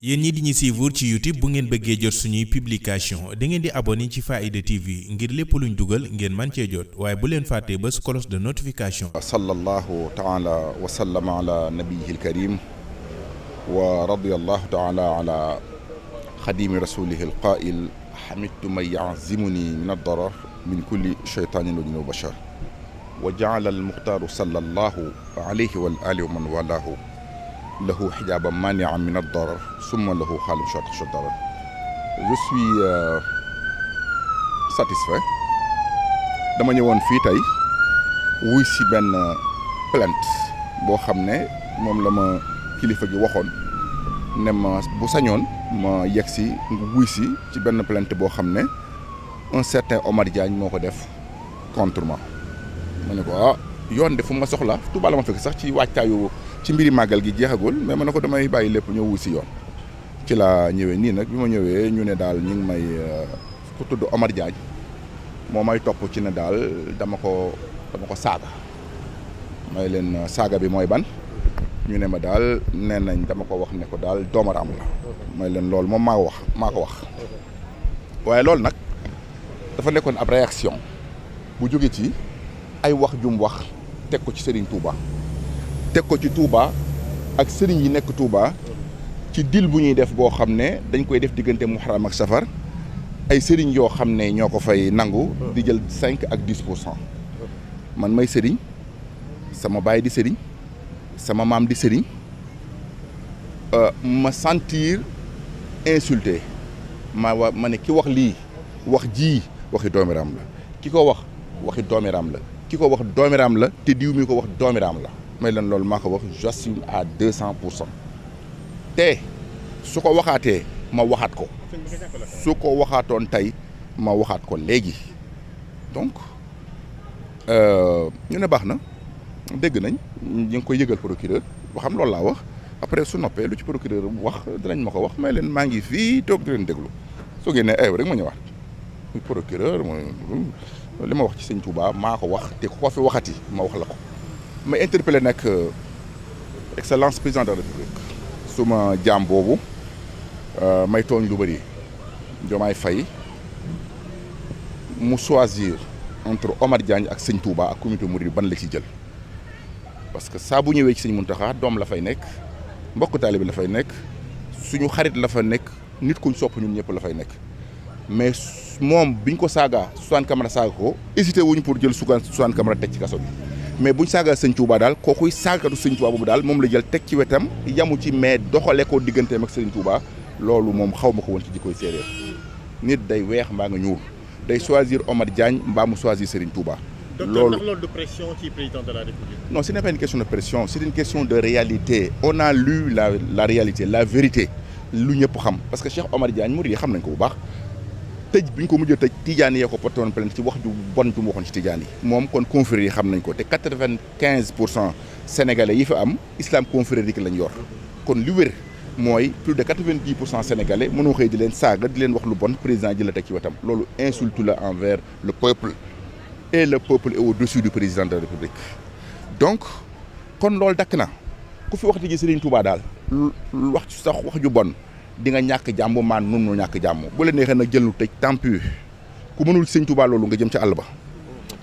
yéen ñi di ñu suivre ci youtube bu ngeen bëggee jot suñuy publication da ngeen di abonné ci Faaida TV ngir lépp luñ dugal ngeen man cee jot waaye bu leen fàttee ba cloche de notification sallallahu taala wa sallama ala nabiyihi alkarim wa radiyallahu taala ala xadimi rasulihi alqail xamidtu man yaazimuni min addarar min kulli cheytaanin wa wa bachar wa jaala almuxtaaru sallallahu wa alihi man walaahu lahu hijaban mani'an min ad-darar summa lahu khalin shatish ad-darar je suis euh, satisfait dama ñëwoon fii tey wuy si benn euh, plainte boo xam ne moom la ma kilifa gi waxoon ne ma bu sañoon ma yegg si wuy si ci benn plainte boo xam ne un certain Omar Diagne moo ko def contre moi ma ne ko ah yoon de fu ma soxla Tuubaa la ma fekk sax ci waajtaayu ci mbiri màggal gi jeexagul mais ma ne ko damay bàyyi lépp ñëw wu si yoon ci laa ñëwee nii nag bi ma ñëwee ñu ne daal ñu ngi may euh, ku tudd Omar Diagne moo may topp ci ne daal dama ko dama ko saaga may leen euh, saaga bi mooy ban ñu ne ma daal nee nañ dama ko wax ne ko daal doomaraam la may leen lool moom maa wax maa ko wax waaye loolu nag dafa nekkoon ab réaction bu jóge ci ay wax jum wax teg ko ci Serigne Touba. teg ko ci Touba ak sëriñ yi nekk Touba ci dil bu ñuy def boo xam ne dañ koy def diggante mu muharram ak safar ay sëriñ yoo xam ne ñoo ko fay nangu. di jël cinq ak dix pour cent. man may sëriñ sama baay di sëriñ sama maam di sëriñ euh, ma sentir insulte ma wa ma ne ki wax lii wax ji waxi doomiraam la ki ko wax waxi doomiraam la ki ko wax doomiraam la te diw mi ko wax doomeraam la. may leen loolu maa ko wax j'assume a deux cent pour cent te su ko waxaatee ma waxaat ko su ko waxaatoon tey ma waxaat ko léegi donc euh, ñu ne baax na dégg nañ ñu ngi koy yëgal procureur ba xam loolu laa wax après su noppee lu ci procureur wax dinañ ma ko wax may leen maa ngi fii toog di leen déglu soo génnee ay eh, rek ma ñëwaat muy procureur li ma wax ci sëñ Touba maa ko wax te ku ko fi waxati ma wax la ko ma interpellé nag euh, excellence président de la république suma jaam boobu euh, may tooñ lu bëri Diomaye fay mu choisir entre Omar Diagne ak sëñ Touba ak comité Mouride ban la ci jël parce que saa bu ñëwee ci sëñ taxa doom la fay nekk mbokk taalibe la fay nekk suñu xarit la fa nekk nit kuñ sopp ñun ñëpp la fay nekk mais moom bi ñu ko saaga Sousane Camara saaga ko hésité wuñ pour jël Sousane Camara teg ci kaso bi mais buñ saaga sëñ Touba daal kookuy saagatu sëñ Touba boobu daal moom la jël teg ci wetam yamu ci mais doxale koo digganteem ak sëñ Touba loolu moom xaw ma ko woon ci jikkoy séeréer nit day weex mbaa nga ñuul day choisir Omar Diagne mbaa mu choisir Serigne Touba. loolu loolu de pression ci président de la République. non question de pression c'est question de réalité on a lu la réalité la vérité lu ñëpp xam parce que Cheikh Omar Diagne murid yi xam nañ ko bu baax. tëj bi ñu ko mujj a tëj tijaan yee ko porté woon plainte ci wax ju bon ju mu waxoon ci tijaan moom kon confrérie yi xam nañ ko te quatre-vingt-quinze pour cent sénégalais yi fa am islam confrérie lañ yor kon li wér mooy plus de quatre vingt pour cent sénégalais mënoo xëy di leen saaga di leen wax lu bon président ji la teg ci wetam loolu insulte la envers le peuple et le peuple est au-dessus du président de la république donc kon loolu dakk na ku fi waxati ji Serigne tuubaa daal wax ci sax wax ju bon di nga ñàkk jàmm maan nun nu ñàkk jàmm bu la neexee nag jël lu tëj ku mënul sëñ Tuubaa loolu nga jëm ci àll ba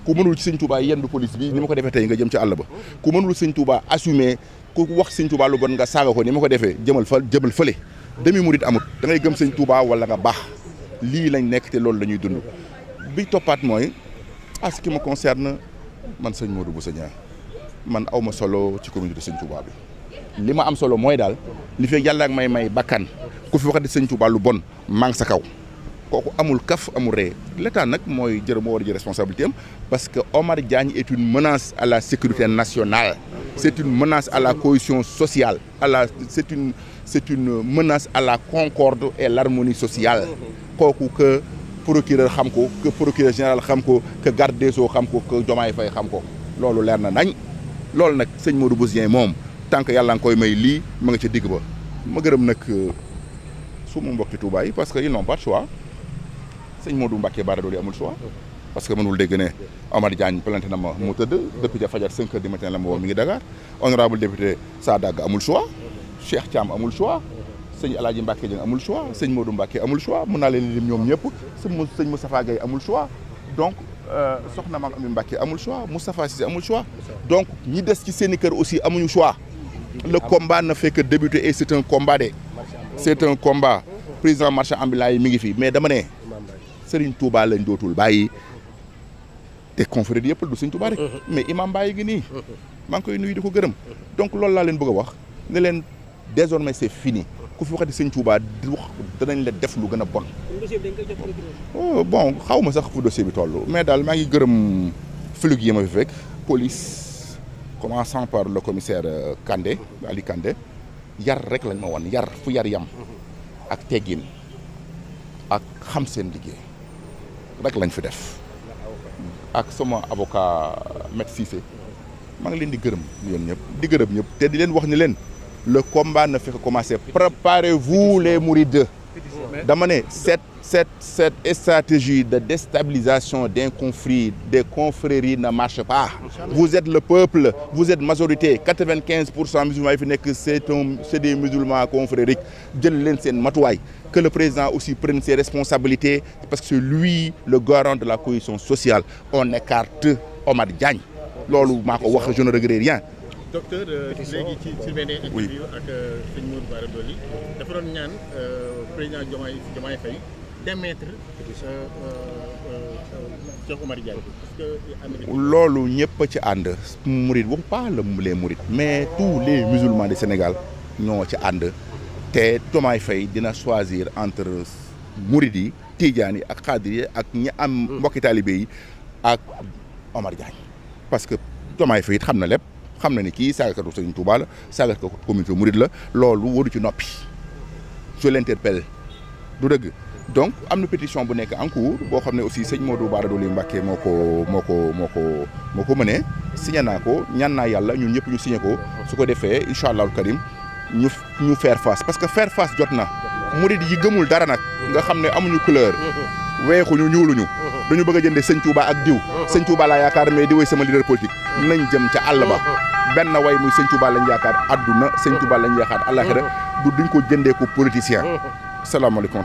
ku mënul sëñ Tuubaa yenn du police bi ni ma ko defee tey nga jëm ci àll ba ku mënul sëñ Tuubaa assumer ku wax sëñ Tuubaa lu bon nga saaga ko ni ma ko defee jëmal fa jëmal fële demi murit amut dangay ngay gëm sëñ Tuubaa wala nga baax lii lañ nekk te loolu la dund bi toppaat mooy à ce qui concerne man sëñ Modou bu Niang man awma solo ci communauté sëñ li ma am solo mooy daal li fekk yàlla may may bakkan ku fi waxati sëñ Tuubaa lu bon maa ngi sa kaw kooku amul kaf amul ree l'état nag mooy jërë moo war a jël responsabilité am parce que Omar Diagne est une menace à la sécurité nationale c'est une menace à la cohésion sociale à la c'est une c'est une menace à la concorde et l'harmonie sociale kooku que procureur xam ko que procureur général xam ko que garde des xam ko que Diomaye Faye xam ko loolu leer na nañ loolu nag sëñ Modou Bousso Dieng moom tant que yàlla nga koy may lii ma nga suma mbokki Touba yi parce que ils n'ont pas de choix sëñ Modou Mbacké Bara Dolly amul choix parce que mënul dégg ne Omar Diagne plainte na ma mu tëdd depuis ja fajar la ma woo ngi Dakar honorable député Sadaga amul choix Cheikh Thiam amul choix sëñ Alaaji Mbacké Dieng amul choix sëñ amul choix mun naa leen lim ñoom ñëpp sëñ sëñ Moustapha Gaye amul choix donc euh, soxna Maam Ami Mbacké amul choix Moustapha Cissé amul donc ñi des ci seen i kër aussi amuñu choix le combat na fekk débuté et c'est un combat de c'est un combat président marchand ambulant yi mi ngi fi mais dama ne Serigne Touba lañ dootul bàyyi te confrérie yëpp du Serigne Touba rek. mais imam Baye gi nii. maa ngi koy nuyu di ko gërëm. donc loolu laa leen bëgg a wax ne leen désormais c'est fini ku fi waxati Serigne Touba di danañ la def lu gën a bon. Oh, bon xaw ma sax fu dossier bi toll mais daal maa ngi gërëm flux yi ma fi fekk police commençant par le commissaire Kandé Ali Kandé. yar rek lañ ma wan yar fu yar yam ak teggin ak xam seen liggéey rek lañ fi def ak sama avocat Maître Cissé maa ngi leen di gërëm yéen ñëpp di gërëm ñëpp te di leen wax ni leen le combat na fekk commencé préparez-vous les mourides dama ne cette cette cette stratégie de déstabilisation d'un conflit des confréries ne marche pas vous êtes le peuple vous êtes majorité quatre-vingt-quinze pour cent musulmans yi fi nekk c'est un c'est des musulmans confrériques jël leen seen matuwaay que le président aussi prenne ses responsabilités parce que c'est le garant de la cohésion sociale on écarte Omar Diagne loolu maa ko wax je ne regrette rien docteur loolu ñëpp ci ànd murid wax pas les murid mais tous les musulmans du Sénégal ñoo ci ànd te Diomaye fay dina choisir entre murid yi tiijaan yi ak xaadir yi ak ñi am mm. mbokki taalibe yi ak Omar Diagne parce que Diomaye Faye it xam na lépp xam na ni kii saagakatu Sëriñ Tuuba la saagakatu communauté Mouride la loolu waru ci noppi je l'interpelle du dëgg donc am na pétition bu nekk en boo xam ne aussi sëñ Modou Bara Dolly Mbacké moo ko moo ko moo ko moo ko mënee signé naa ko ñaan naa yàlla ñun ñëpp ñu signé ko su ko defee incha allah karim ñu ñu faire face parce que faire face jot na murid yi gëmul dara nag nga xam ne amuñu couleur weexuñu ñuuluñu dañu bëgg a jëndee sëñ ak diw sëñ Touba laa yaakaar mais di woy sama leader politique nañ jëm ca àll ba benn way muy sëñ Touba lañ yaakaar adduna sëñ Touba lañ yaakaar alaxira mm-hmm. du duñ ko jëndee ko politicien mm-hmm. salaamaaleykum